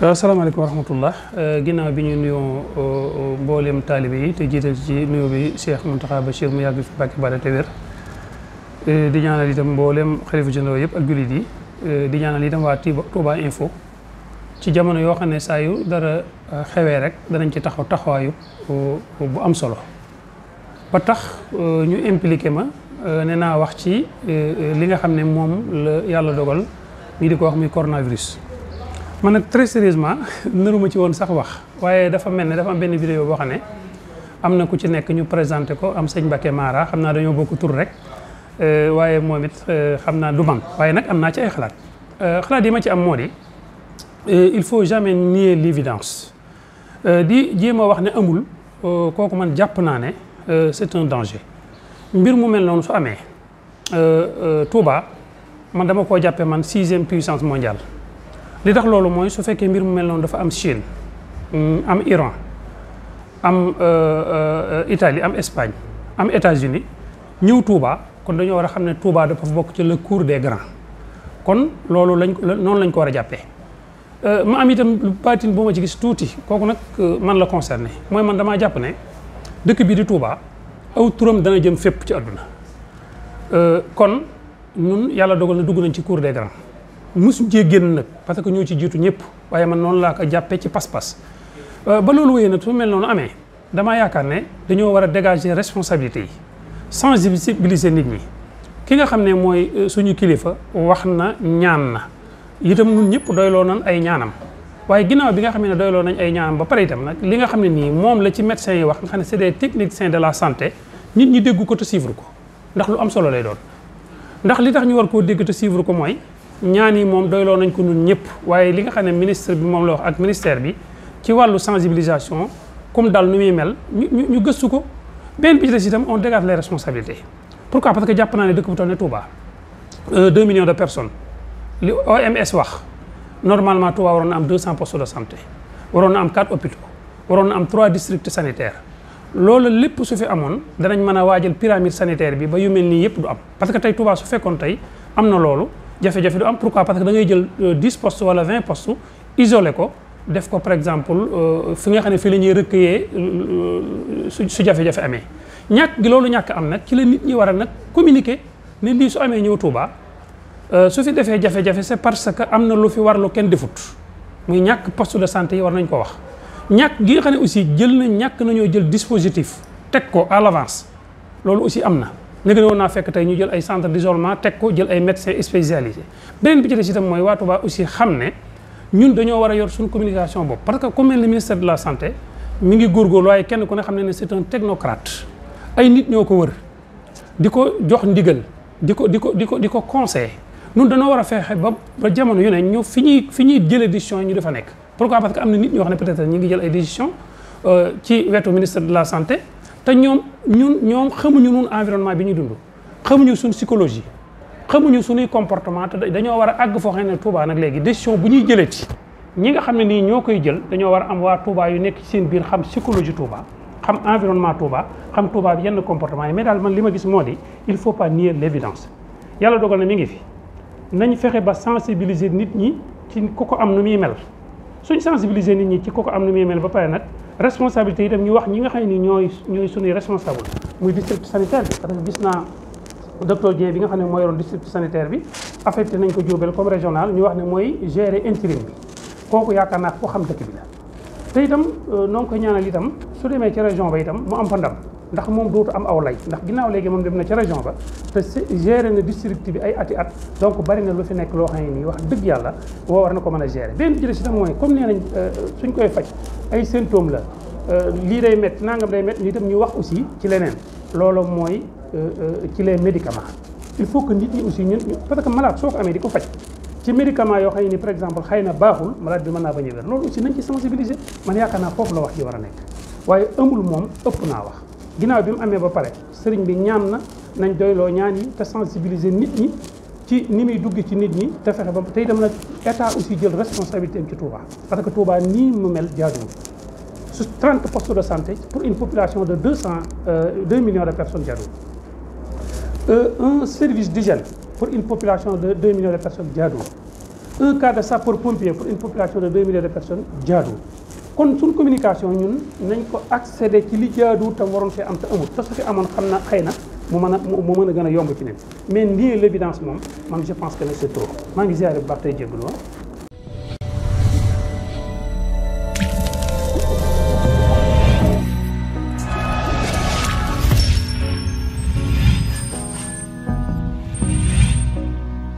waaw euh, salaamaaleykum wa rahmatullah euh, ginnaaw bi ñu nuyoo euh, mboolem taalibe yi te jiital ci nuyoo bi Cheikh ba Bachir mu yàgg fi bàkki bada te wér di ñaanal itam mboolem yëpp ak jullit yi di ñaanal itam waa Touba Info ci jamono yoo xam ne saa yu dara xewee rek danañ ci taxaw taxawaayu bu am solo ba tax ñu impliqué ma ne naa wax ci li nga xam ne moom la yàlla dogal ñu di ko wax muy coronavirus man nag très sérieusement nëruma ci woon sax wax waaye dafa mel ni dafa am benn vidéo boo xam ne am na ku ci nekk ñu présenté ko am sëñ Mbacké Mara xam naa dañoo bokk tur rek euh, waaye moom it euh, xam naa du man waaye nag am naa ci ay xalaat euh, xalaat yi ma ci am moo di il faut jamais nier l'évidence di jéem a wax ne amul kooku man jàpp naa ne c'est un danger mbir mu mel noonu su amee Touba man dama koo jàppee man sixième puissance mondiale li tax loolu mooy su fekkee mbir mu mel noonu dafa am Chine mm, am Iran am euh, euh, Italie am Espagne am états uni ñëw tuubaa kon dañoo war a xam ne Touba dafa bokk ci la cours de grands kon loolu lañ noonu lañ ko war a jàppee. Euh, ma am itam lu baatin bu ma ci gis tuuti kooku nag man la concerné mooy man damaa jàpp ne dëkk bii di Touba aw turam dana jëm fépp ci àdduna kon ñun yàlla dogal na dugg nañ ci cours des grands. musuñ cee génn nag parce que ñoo ci jiitu ñëpp waaye man noonu laa ko jàppee ci pas-pas euh, ba loolu wéyee nag su mel noonu amee damaa yaakaar ne dañoo war a dégagé responsabilité yi sensibiliser nit ñi ki nga xam ne mooy euh, suñu kilifa wax na ñaan na itam ñun ñëpp doyloo nañ ay ñaanam waaye ginnaaw bi nga xam ne doyloo nañ ay ñaanam ba pare itam nag li nga xam ne nii moom la ci médecins yi wax nga xam ne c'est des techniciens de la santé nit ñi dégg ko te suivre ko ndax lu am solo lay doon ndax li tax ñu war koo dégg te ko mooy ñaan yi moom doyloo nañ ko ñun ñëpp waaye li nga xam ne ministre bi moom la wax ak ministère bi ci wàllu sensibilisation comme daal nu muy mel ñu ñu gëstu ko benn bi ci des itam on dégage les responsabilités pourquoi parce que jàpp naa ne dëkk bu toll ne Touba 2 euh, millions de personnes li OMS wax normalement Touba waroon na am 200 postes de santé waroon na am 4 hôpitaux waroon na am 3 districts sanitaires loolu lépp su fi amoon danañ mën a waajal pyramide sanitaire bi ba yu mel nii yëpp du am parce que tey Touba su fekkoon tey am na loolu jafe-jafe du am pour pourquoi parce que da jël 10 euh, postes vingt 20 postes isolé ko def ko par exemple euh, fi nga xam ne fii la ñuy yee euh, su su jafe-jafe amee. ñàkk gi loolu ñàkk am nag ci la nit ñi war a nag communiquer ne lii su amee ñëw Touba su fi defee jafe-jafe parce que am na lu fi war kenn defut muy ñàkk poste de santé yi war nañ ko wax. ñàkk gi nga xam ne aussi jël na ñàkk nañoo jël dispositif teg ko à l'avance loolu aussi am na. ne gën woon naa fekk tey ñu jël ay centre d'isolement teg ko jël ay médecins spécialisés beneen bi ci des itam mooy waa Touba aussi xam ne ñun dañoo war a yor suñu communication bopp parce que comme mel ni ministère de la santé mi ngi góorgóorlu waaye kenn ku ne xam ne ne c'est un technocrate ay nit ñoo ko wër di ko jox ndigal di ko di ko di ko di ko conseil ñun dañoo war a fexe ba jamono yu ne fi ñuy fi ñuy jëlee décision ñu dafa nekk pourquoi parce que na nit ñoo xam ne peut ñu ngi jël ay décision euh, ci wetu ministère de la santé te ñoom ñun ñoom xamuñu nun bi ñuy dund xamuñu suñ psychologie xamuñu suñuy comportement te dañoo war a àgg foo ne Touba nag léegi décision bu ñuy jëlee ci ñi nga xam ne nii ñoo koy jël dañoo war a am waa Touba yu nekk ci seen biir xam psychologie Touba xam environnement Touba xam Touba bi yenn comportement yi mais daal man li ma gis moo di il faut pas nier l'évidence yàlla dogal na mi ngi fi nañ fexe ba sensibiliser nit ñi ci ku am nu muy mel suñ sensibiliser nit ñi ci ku am nu muy mel ba pare nag. responsabilité yi tam ñu wax ñi nga xam ne ñooy ñooy suñuy responsable muy district sanitaire bi parce que gis naa docteur Dieng bi nga xam ne mooy yoroon district sanitaire bi affecté nañ ko Diourbel comme régional ñu wax ne mooy gérer intérim bi kooku yaakaar naa ko xam dëkk bi la. te itam euh, noo ngi koy ñaanal itam su demee ci région ba itam mu am fa ndam ndax moom dootu am aw lay ndax ginnaaw léegi moom dem na ci région ba te gérer na district bi ay ati at donc bari na lu fi nekk loo xam ne nii wax dëgg yàlla woo war na ko mën a gérer benn jële si mooy comme nee nañ euh, suñ koy faj ay symptômes la. Euh, lii day métti nangam day métti ñu itam ñu wax aussi ci leneen loolu mooy euh, euh, ci lee médicament il faut que nit ñi aussi ñun parce que malade soo ko amee di ko faj ci médicament yoo xam ne ni par exemple xay na baaxul malade bi man naa bañ a wér loolu aussi nañ ci sensibiliser man yaakaar naa foofu la wax ji war a nekk waaye ëmbul moom ëpp naa wax ginnaaw bi mu amee ba pare sëriñ bi ñaam na nañ doyloo ñaan yi te sensibiliser nit ñi ci ni muy dugg ci nit ñi te fexe ba tey dem na état aussi jël responsabilité am parce que Touba nii mu mel jaaduwul sur 30 postes de santé pour une population de 200 euh, 2 millions de personnes diarrhées. Euh, un service d'hygiène pour une population de 2 millions de personnes diarrhées. un cas de sapeur-pompier pour une population de 2 millions de personnes diarrhées. kon suñ communication ñun nañ ko accéder ci li jaadu te waroon fee am te amul te su fi amoon xam na xëy na mu mën a mu mën a gën a yomb ci nit mais nii l'évidence moom man je pense que ne c'est trop maa ngi ziare bu baax tey jéggalu